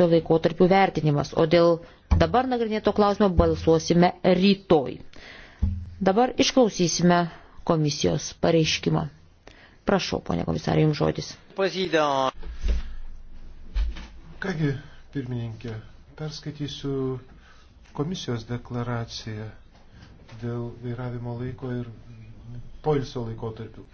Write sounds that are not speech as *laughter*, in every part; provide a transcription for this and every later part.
šio laiko tarpių vertinimas, o dėl dabar nagrinėto klausimo balsuosime rytoj. Dabar išklausysime komisijos pareiškimą. Prašau, ponė komisarė, jums žodis. Kągi, pirmininkė, perskaitysiu komisijos deklaraciją dėl vairavimo laiko ir poilsio laikotarpių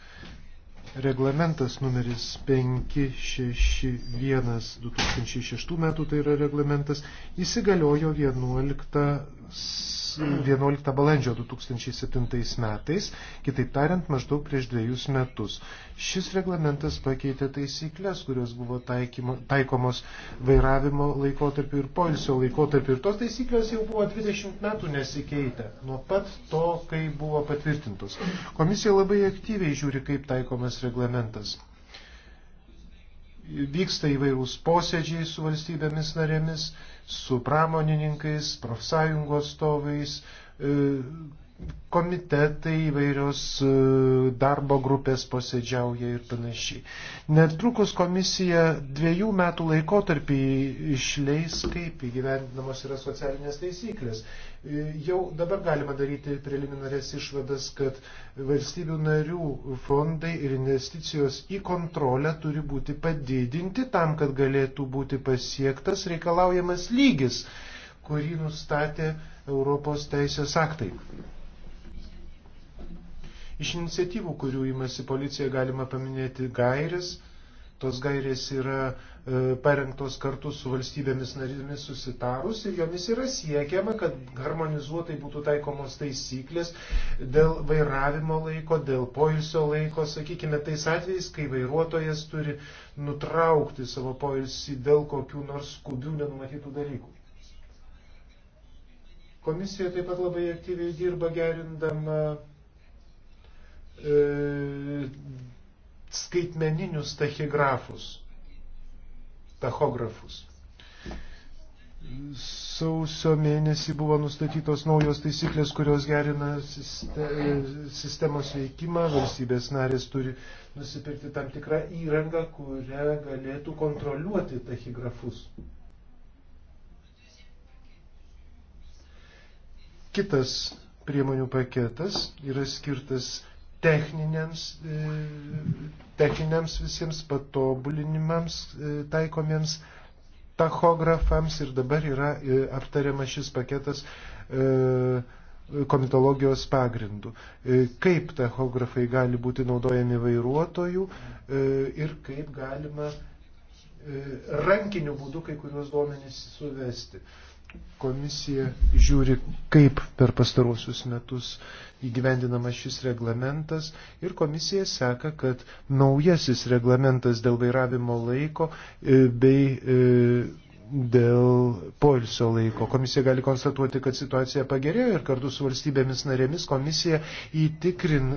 reglamentas numeris 561 2006 metų, tai yra reglamentas, įsigaliojo 11 11 mm-hmm. balandžio 2007 metais, kitaip tariant, maždaug prieš dviejus metus. Šis reglamentas pakeitė taisyklės, kurios buvo taikymo, taikomos vairavimo laikotarpiu ir poilsio laikotarpiu. Ir tos taisyklės jau buvo 20 metų nesikeitę, nuo pat to, kai buvo patvirtintos. Komisija labai aktyviai žiūri, kaip taikomas reglamentas vyksta įvairūs posėdžiai su valstybėmis narėmis, su pramonininkais, profsąjungų atstovais, e, komitetai įvairios e, darbo grupės posėdžiauja ir panašiai. Netrukus komisija dviejų metų laikotarpį išleis, kaip įgyvendinamos yra socialinės taisyklės. Jau dabar galima daryti preliminarės išvadas, kad valstybių narių fondai ir investicijos į kontrolę turi būti padidinti tam, kad galėtų būti pasiektas reikalaujamas lygis, kurį nustatė Europos teisės aktai. Iš iniciatyvų, kurių imasi policija, galima paminėti gairės, Tos gairės yra e, parengtos kartu su valstybėmis narėmis susitarus ir jomis yra siekiama, kad harmonizuotai būtų taikomos taisyklės dėl vairavimo laiko, dėl poilsio laiko, sakykime, tais atvejais, kai vairuotojas turi nutraukti savo poilsį dėl kokių nors skubių nenumatytų dalykų. Komisija taip pat labai aktyviai dirba gerindama e, skaitmeninius tachigrafus, tachografus. Sausio mėnesį buvo nustatytos naujos taisyklės, kurios gerina sistemos veikimą. Valstybės narės turi nusipirkti tam tikrą įrangą, kurią galėtų kontroliuoti tachigrafus. Kitas priemonių paketas yra skirtas techniniams, e, techniniams visiems patobulinimams e, taikomiems tachografams ir dabar yra e, aptariamas šis paketas komitologijos pagrindų. Kaip tachografai gali būti naudojami vairuotojų ir kaip galima rankiniu būdu kai kuriuos duomenys suvesti komisija žiūri, kaip per pastaruosius metus įgyvendinamas šis reglamentas ir komisija seka, kad naujasis reglamentas dėl vairavimo laiko e, bei e, dėl poilsio laiko. Komisija gali konstatuoti, kad situacija pagerėjo ir kartu su valstybėmis narėmis komisija įtikrin,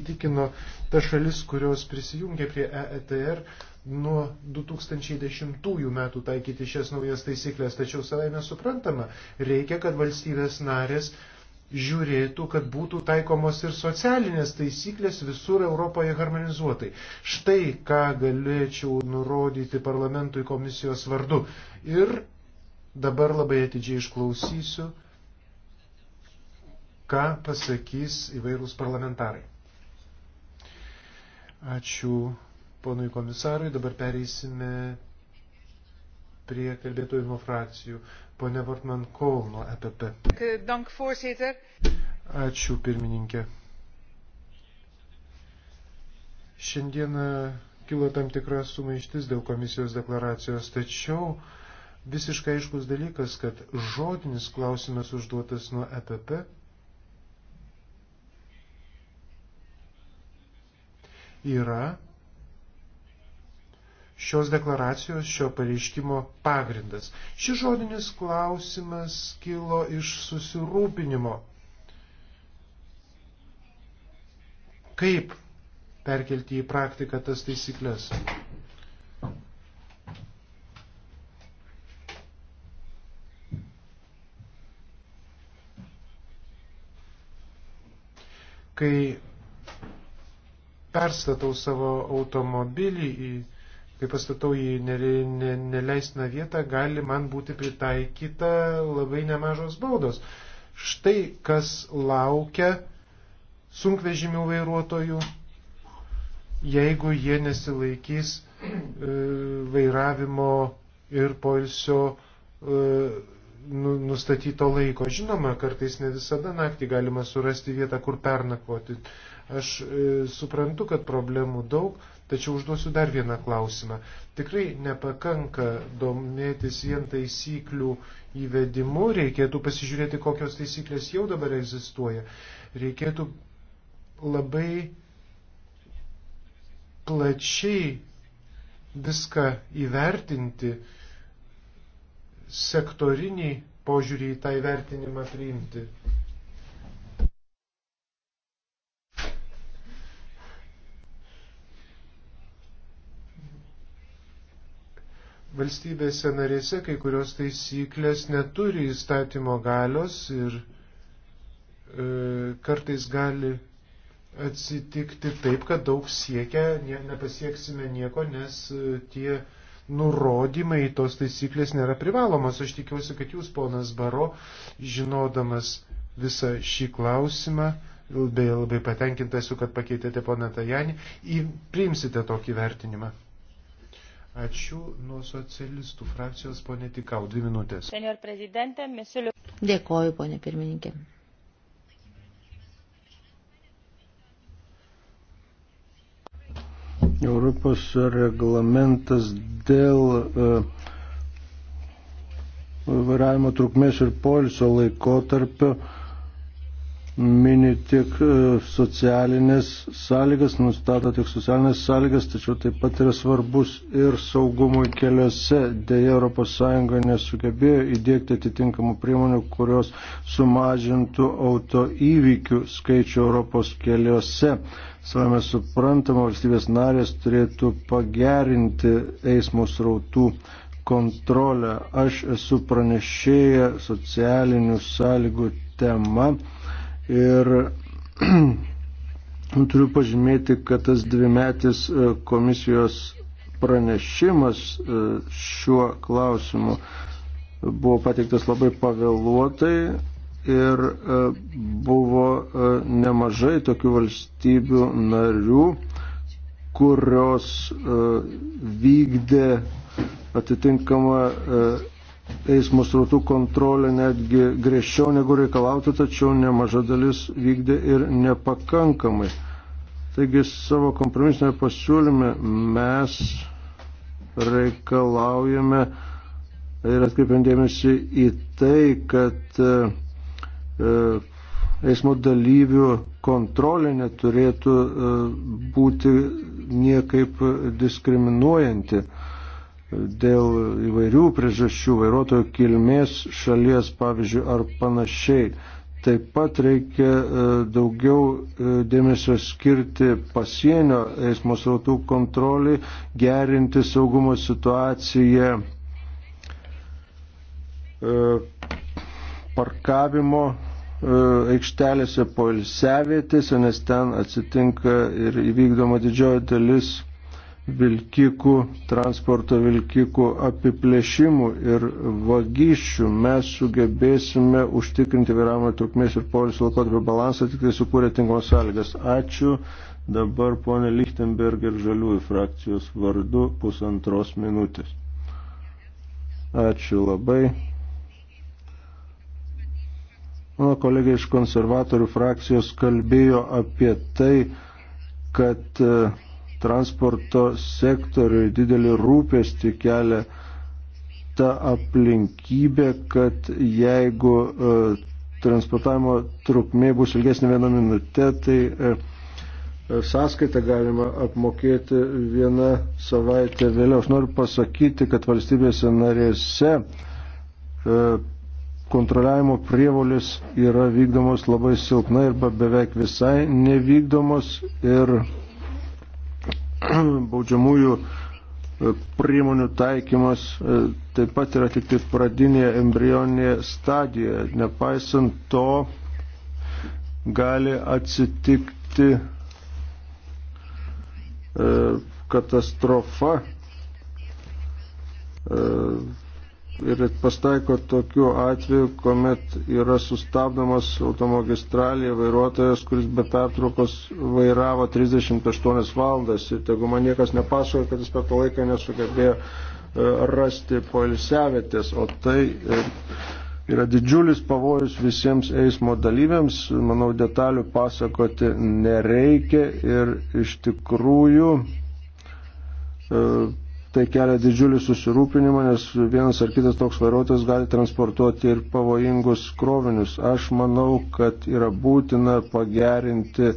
įtikino tas šalis, kurios prisijungė prie EETR nuo 2010 metų taikyti šias naujas taisyklės, tačiau savai mes suprantama, reikia, kad valstybės narės žiūrėtų, kad būtų taikomos ir socialinės taisyklės visur Europoje harmonizuotai. Štai ką galėčiau nurodyti parlamentui komisijos vardu. Ir dabar labai atidžiai išklausysiu, ką pasakys įvairūs parlamentarai. Ačiū ponui komisarui. Dabar pereisime prie kalbėtojų nuo frakcijų. Pone Vartman Kol nuo EPP. Dank, voorzitter. Ačiū, pirmininkė. Šiandieną kilo tam tikras sumaištis dėl komisijos deklaracijos, tačiau visiškai aiškus dalykas, kad žodinis klausimas užduotas nuo EPP yra šios deklaracijos, šio pareiškimo pagrindas. Šis žodinis klausimas kilo iš susirūpinimo. Kaip perkelti į praktiką tas taisyklės? Kai perstatau savo automobilį į kai pastatau į neleistiną vietą, gali man būti pritaikyta labai nemažos baudos. Štai kas laukia sunkvežimių vairuotojų, jeigu jie nesilaikys e, vairavimo ir polsio e, nu, nustatyto laiko. Žinoma, kartais ne visada naktį galima surasti vietą, kur pernakvoti. Aš e, suprantu, kad problemų daug Tačiau užduosiu dar vieną klausimą. Tikrai nepakanka domėtis vien taisyklių įvedimu, reikėtų pasižiūrėti, kokios taisyklės jau dabar egzistuoja. Reikėtų labai plačiai viską įvertinti, sektorinį požiūrį į tą įvertinimą priimti. valstybėse narėse kai kurios taisyklės neturi įstatymo galios ir e, kartais gali atsitikti taip, kad daug siekia, ne, nepasieksime nieko, nes e, tie nurodymai, tos taisyklės nėra privalomos. Aš tikiuosi, kad jūs, ponas Baro, žinodamas visą šį klausimą, labai, labai patenkintas, kad pakeitėte poną Tajanį, priimsite tokį vertinimą. Ačiū nuo socialistų frakcijos, ponė Tikau, dvi minutės. Dėkoju, ponė pirmininkė. Europos reglamentas dėl e, vairavimo trukmės ir poliso laikotarpio mini tik e, socialinės sąlygas, nustato tik socialinės sąlygas, tačiau taip pat yra svarbus ir saugumui keliuose. Deja, ES nesugebėjo įdėkti atitinkamų priemonių, kurios sumažintų auto įvykių skaičių Europos keliuose. Savame suprantama, valstybės narės turėtų pagerinti eismo srautų kontrolę. Aš esu pranešėję socialinių sąlygų tema Ir *clears throat* turiu pažymėti, kad tas dvimetis e, komisijos pranešimas e, šiuo klausimu buvo pateiktas labai pavėluotai ir e, buvo nemažai tokių valstybių narių, kurios vykdė atitinkamą eismo srautų kontrolę netgi griežčiau negu reikalauti, tačiau nemaža dalis vykdė ir nepakankamai. Taigi savo kompromisinėme pasiūlyme mes reikalaujame ir atkreipiam dėmesį į tai, kad e, eismo dalyvių kontrolė neturėtų e, būti niekaip diskriminuojanti dėl įvairių priežasčių, vairuotojo kilmės šalies, pavyzdžiui, ar panašiai. Taip pat reikia e, daugiau e, dėmesio skirti pasienio eismo srautų kontrolį, gerinti saugumo situaciją e, parkavimo aikštelėse poilsiavietėse, nes ten atsitinka ir įvykdoma didžioji dalis vilkikų, transporto vilkikų apiplėšimų ir vagysčių mes sugebėsime užtikrinti vairavimo trukmės ir polisio laikotarpio balansą, tik tai sukūrė tinkamos sąlygas. Ačiū. Dabar ponė Lichtenberger žaliųjų frakcijos vardu pusantros minutės. Ačiū labai. Mano kolegė iš konservatorių frakcijos kalbėjo apie tai, kad uh, transporto sektoriui didelį rūpestį kelia ta aplinkybė, kad jeigu e, transportavimo trukmė bus ilgesnė vieną minutę, tai e, e, sąskaitą galima apmokėti vieną savaitę vėliau. Aš noriu pasakyti, kad valstybėse narėse kontroliavimo prievolis yra vykdomos labai silpnai arba beveik visai nevykdomos ir *clears throat* baudžiamųjų e, priemonių taikymas e, taip pat yra tik tai pradinėje embrioninėje stadijoje. Nepaisant to, gali atsitikti e, katastrofa ir pastaiko tokiu atveju, kuomet yra sustabdomas automagistralėje vairuotojas, kuris be pertraukos vairavo 38 valandas ir tegu man niekas nepasakoja, kad jis per tą laiką nesugebėjo e, rasti poilsiavėtės, o tai e, yra didžiulis pavojus visiems eismo dalyviams, manau detalių pasakoti nereikia ir iš tikrųjų e, tai kelia didžiulį susirūpinimą, nes vienas ar kitas toks vairuotojas gali transportuoti ir pavojingus krovinius. Aš manau, kad yra būtina pagerinti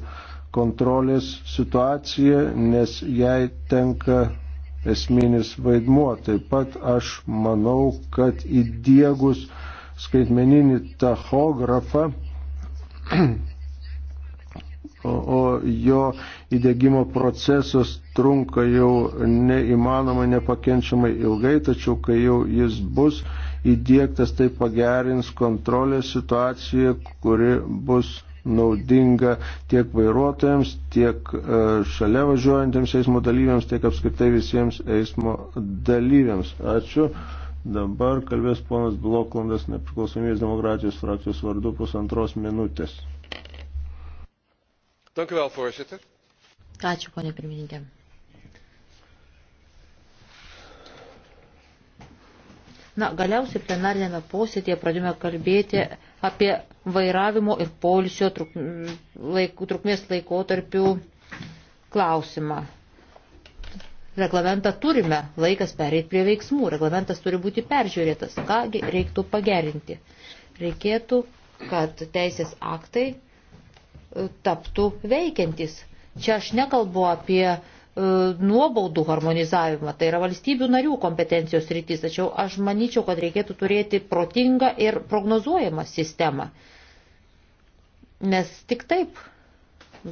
kontrolės situaciją, nes jai tenka esminis vaidmuo. Taip pat aš manau, kad įdiegus skaitmeninį tachografą *clears throat* o, o jo įdėgymo procesas trunka jau neįmanomai, nepakenčiamai ilgai, tačiau kai jau jis bus įdėktas, tai pagerins kontrolės situaciją, kuri bus naudinga tiek vairuotojams, tiek e, šalia važiuojantiems eismo dalyviams, tiek apskritai visiems eismo dalyviams. Ačiū. Dabar kalbės ponas Bloklandas, nepriklausomybės demokratijos frakcijos vardu pusantros minutės voorzitter. Ačiū, ponė pirmininkė. Na, galiausiai plenarinėme posėdėje pradėjome kalbėti apie vairavimo ir polisio truk, laik, trukmės laikotarpių klausimą. Reglamentą turime, laikas pereiti prie veiksmų, reglamentas turi būti peržiūrėtas. Kągi reiktų pagerinti? Reikėtų, kad teisės aktai taptų veikiantis. Čia aš nekalbu apie e, nuobaudų harmonizavimą, tai yra valstybių narių kompetencijos rytis, tačiau aš manyčiau, kad reikėtų turėti protingą ir prognozuojamą sistemą. Nes tik taip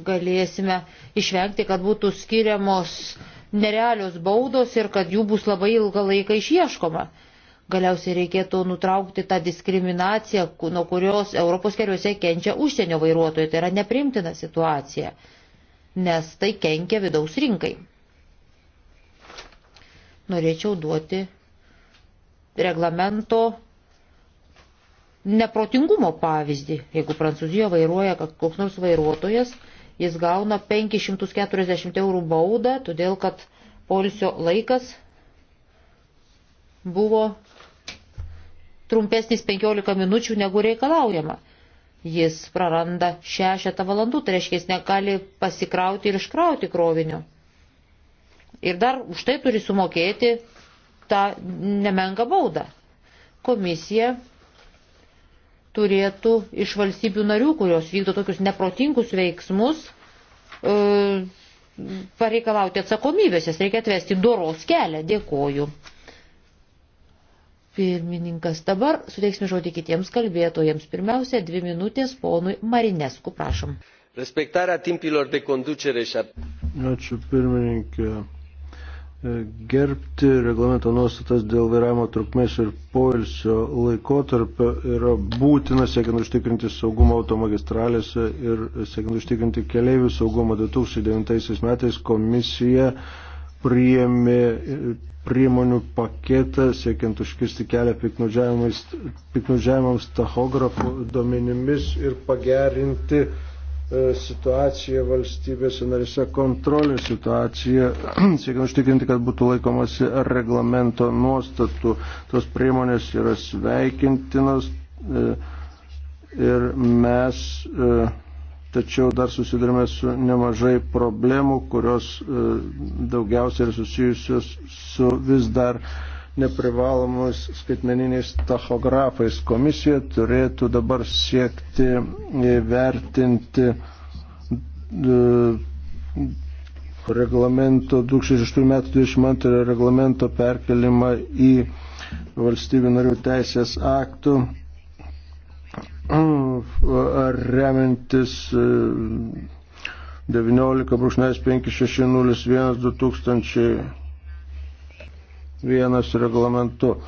galėsime išvengti, kad būtų skiriamos nerealios baudos ir kad jų bus labai ilgą laiką išieškoma. Galiausiai reikėtų nutraukti tą diskriminaciją, nuo kurios Europos keliuose kenčia užsienio vairuotojai. Tai yra neprimtina situacija, nes tai kenkia vidaus rinkai. Norėčiau duoti reglamento neprotingumo pavyzdį. Jeigu Prancūzijoje vairuoja koks nors vairuotojas, jis gauna 540 eurų baudą, todėl kad polisio laikas buvo trumpesnis 15 minučių negu reikalaujama. Jis praranda šešetą valandų, tai reiškia, jis negali pasikrauti ir iškrauti krovinio. Ir dar už tai turi sumokėti tą nemenką baudą. Komisija turėtų iš valstybių narių, kurios vykdo tokius neprotingus veiksmus, e, pareikalauti atsakomybės, jas reikia atvesti doros kelią. Dėkoju pirmininkas. Dabar suteiksime žodį kitiems kalbėtojams. Pirmiausia, dvi minutės ponui Marinesku, prašom. Respektarea timpilor de conducere și a... Ačiū pirmininkė. E, gerbti reglamento nuostatas dėl vairavimo trukmės ir poilsio laikotarpio yra būtina siekiant užtikrinti saugumą automagistralėse ir siekiant užtikrinti keleivių saugumą 2009 metais komisija priėmė priemonių paketą, siekiant užkirsti kelią piknaudžiavimams tachografų duomenimis ir pagerinti e, situaciją valstybėse narise, kontrolės situaciją, *clears throat* siekiant užtikrinti, kad būtų laikomasi reglamento nuostatų. Tos priemonės yra sveikintinos e, ir mes e, tačiau dar susidurime su nemažai problemų, kurios e, daugiausiai yra susijusios su vis dar neprivalomus skaitmeniniais tachografais. Komisija turėtų dabar siekti vertinti e, reglamento 2006 metų 22 reglamento perkelimą į valstybių narių teisės aktų Mm, remiantis 19.5601-2001 e, reglamentu. E,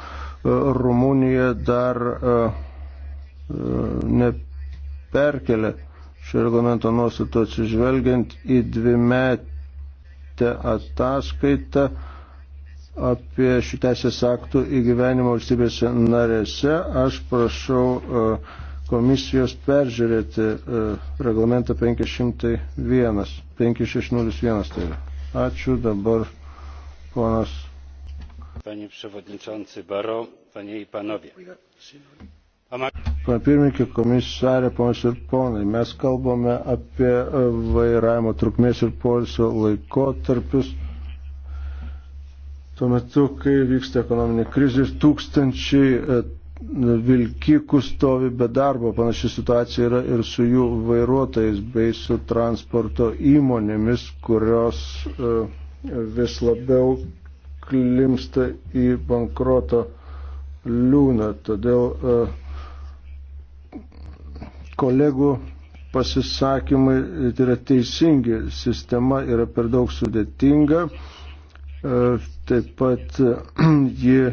Rumunija dar e, neperkelė šio reglamento nuostato atsižvelgiant į dvimetę ataskaitą apie šį teisės aktų įgyvenimą valstybėse narėse. Aš prašau e, komisijos peržiūrėti e, reglamentą 501, 5601 tai yra. Ačiū dabar ponas. Panie przewodniczący Baro, panie i panowie. Pane pirmininkė, komisarė, ponas ir ponai, mes kalbame apie vairavimo trukmės ir polisio laikotarpius. tarpius Tuo metu, kai vyksta ekonominė krizė ir tūkstančiai e, vilkikų stovi be darbo, panaši situacija yra ir su jų vairuotojais bei su transporto įmonėmis, kurios e, vis labiau klimsta į bankroto liūną. Todėl e, kolegų pasisakymai tai yra teisingi, sistema yra per daug sudėtinga Taip pat *clears throat* ji e,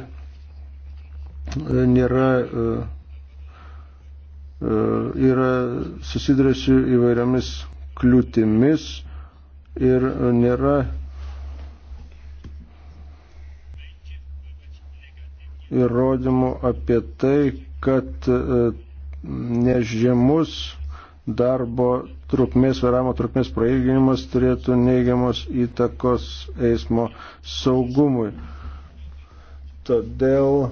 nėra e, e, yra susiduria su įvairiomis kliūtimis ir nėra įrodymų apie tai, kad nežemus darbo trukmės, vairavimo trukmės prailginimas turėtų neigiamos įtakos eismo saugumui. Todėl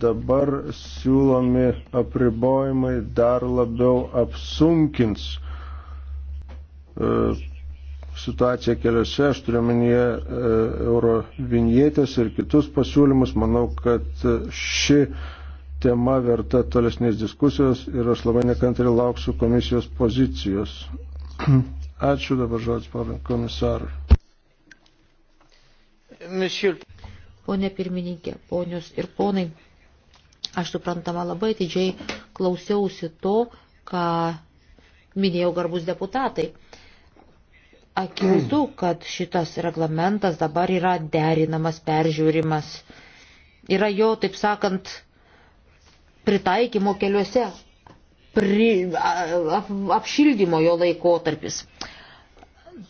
dabar siūlomi apribojimai dar labiau apsunkins e, situaciją keliuose, aš turiu menyje euro vinietės ir kitus pasiūlymus. Manau, kad ši tema verta tolesnės diskusijos ir aš labai nekantri lauksiu komisijos pozicijos. *clears throat* Ačiū dabar žodis pavim komisarui. Pone pirmininkė, ponius ir ponai, aš suprantama labai didžiai klausiausi to, ką minėjau garbus deputatai. Akivaizdu, kad šitas reglamentas dabar yra derinamas, peržiūrimas. Yra jo, taip sakant, pritaikymo keliuose, pri, ap, apšildymo jo laikotarpis.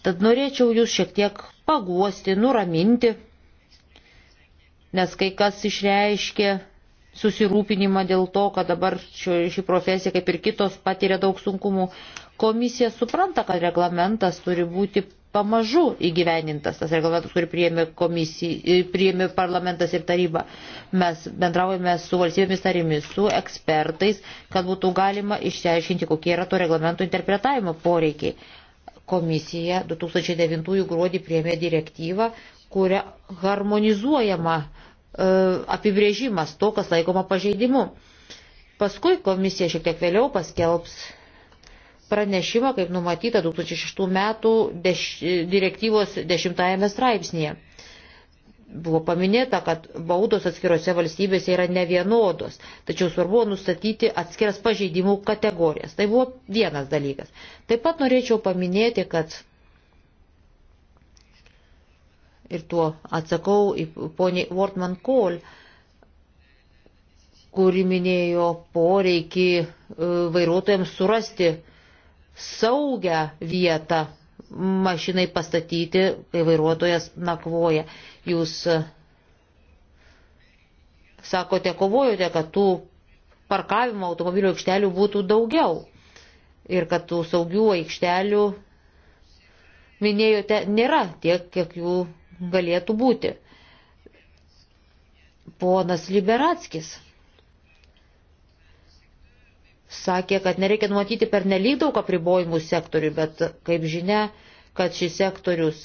Tad norėčiau jūs šiek tiek paguosti, nuraminti, nes kai kas išreiškė susirūpinimą dėl to, kad dabar ši, ši profesija, kaip ir kitos, patiria daug sunkumų. Komisija supranta, kad reglamentas turi būti pamažu įgyvenintas tas reglamentas, kurį priėmė, komisija, e, priėmė parlamentas ir taryba. Mes bendraujame su valstybėmis tarimis, su ekspertais, kad būtų galima išsiaiškinti, kokie yra to reglamento interpretavimo poreikiai. Komisija 2009 gruodį priėmė direktyvą, kuria harmonizuojama e, apibrėžimas to, kas laikoma pažeidimu. Paskui komisija šiek tiek vėliau paskelbs pranešimą, kaip numatyta 2006 metų deš, direktyvos 10 straipsnėje. Buvo paminėta, kad baudos atskirose valstybėse yra nevienodos, tačiau svarbu nustatyti atskiras pažeidimų kategorijas. Tai buvo vienas dalykas. Taip pat norėčiau paminėti, kad ir tuo atsakau į ponį Wortman Kohl, kuri minėjo poreikį e, vairuotojams surasti uh, saugią vietą mašinai pastatyti, kai vairuotojas nakvoja. Jūs e, sakote, kovojote, kad tų parkavimo automobilių aikštelių būtų daugiau ir kad tų saugių aikštelių, minėjote, nėra tiek, kiek jų galėtų būti. Ponas Liberatskis sakė, kad nereikia numatyti per nelik daug apribojimų sektoriui, bet kaip žinia, kad šis sektorius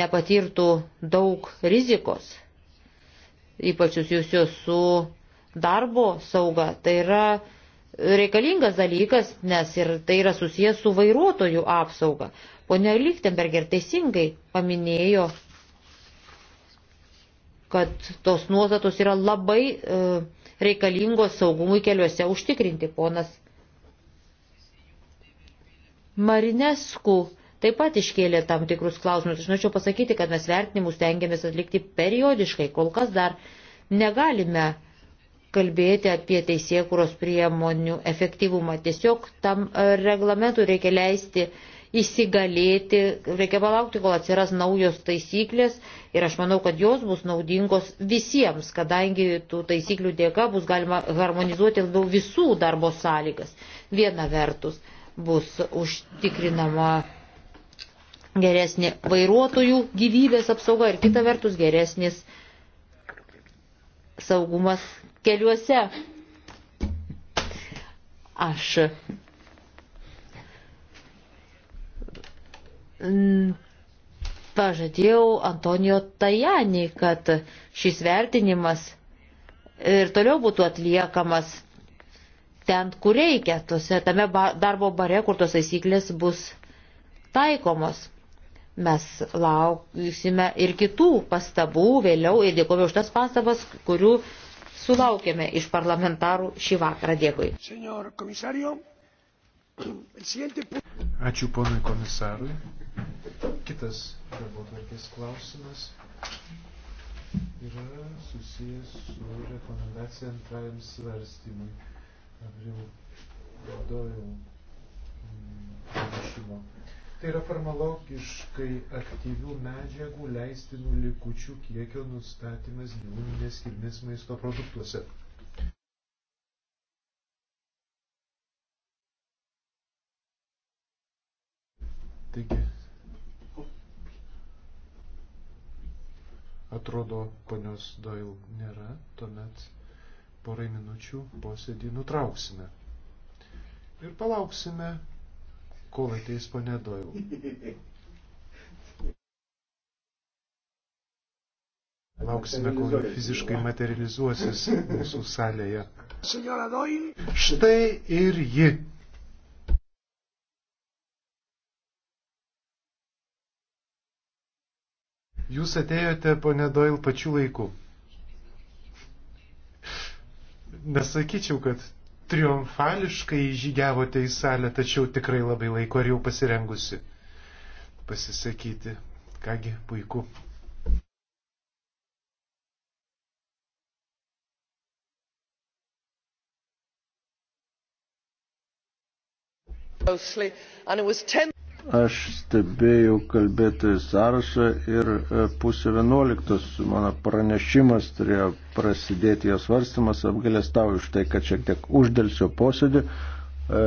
nepatirtų daug rizikos, ypač susijusios su darbo sauga, tai yra reikalingas dalykas, nes ir tai yra susijęs su vairuotojų apsauga. Pone Lichtenberger teisingai paminėjo, kad tos nuostatos yra labai uh, e, reikalingos saugumui keliuose užtikrinti. Ponas Marinesku taip pat iškėlė tam tikrus klausimus. Aš norėčiau pasakyti, kad mes vertinimus tengiamės atlikti periodiškai, kol kas dar negalime kalbėti apie teisėkuros priemonių efektyvumą. Tiesiog tam e, reglamentui reikia leisti įsigalėti, reikia palaukti, kol atsiras naujos taisyklės ir aš manau, kad jos bus naudingos visiems, kadangi tų taisyklių dėka bus galima harmonizuoti labiau visų darbo sąlygas. Viena vertus bus užtikrinama geresnė vairuotojų gyvybės apsauga ir kita vertus geresnis saugumas keliuose. Aš pažadėjau Antonijo Tajanį, kad šis vertinimas ir toliau būtų atliekamas ten, kur reikia, tose, tame darbo bare, kur tos taisyklės bus taikomos. Mes lauksime ir kitų pastabų vėliau ir dėkoju už tas pastabas, kurių sulaukėme iš parlamentarų šį vakarą. Dėkui. Senor, komisario. Ačiū ponui komisarui. Kitas darbo tvarkės klausimas yra susijęs su rekomendacija antrajam svarstymui. Avril vadovėjau mm, pranešimo. Tai yra farmalogiškai aktyvių medžiagų leistinų likučių kiekio nustatymas gyvūninės kilmės maisto produktuose. Taigi, atrodo, ponios Doil nėra, tuomet porai minučių posėdį nutrauksime. Ir palauksime, kol ateis ponė Doil. Lauksime, kol fiziškai materializuosis mūsų salėje. Štai ir ji. Jūs atėjote, ponė Doil, pačiu laiku. Nesakyčiau, kad triumfališkai žygiavote į salę, tačiau tikrai labai laiko ir jau pasirengusi pasisakyti. Kągi, puiku. closely and it was ten Aš stebėjau kalbėtojų sąrašą ir e, pusė vienuoliktos mano pranešimas turėjo prasidėti jos varstymas, apgalėstau iš tai, kad šiek tiek uždėlsio posėdį. E,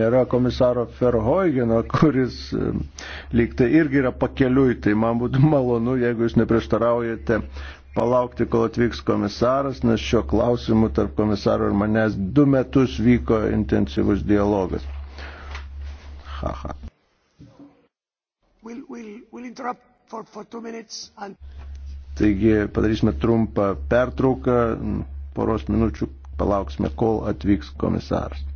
nėra komisaro Ferhoigino, kuris e, lygtai irgi yra pakeliui, tai man būtų malonu, jeigu jūs neprieštaraujate palaukti, kol atvyks komisaras, nes šio klausimu tarp komisaro ir manęs du metus vyko intensyvus dialogas. Sahaha. We'll, we'll, we'll for, for and... Taigi padarysime trumpą pertrauką, poros minučių palauksime, kol atvyks komisaras.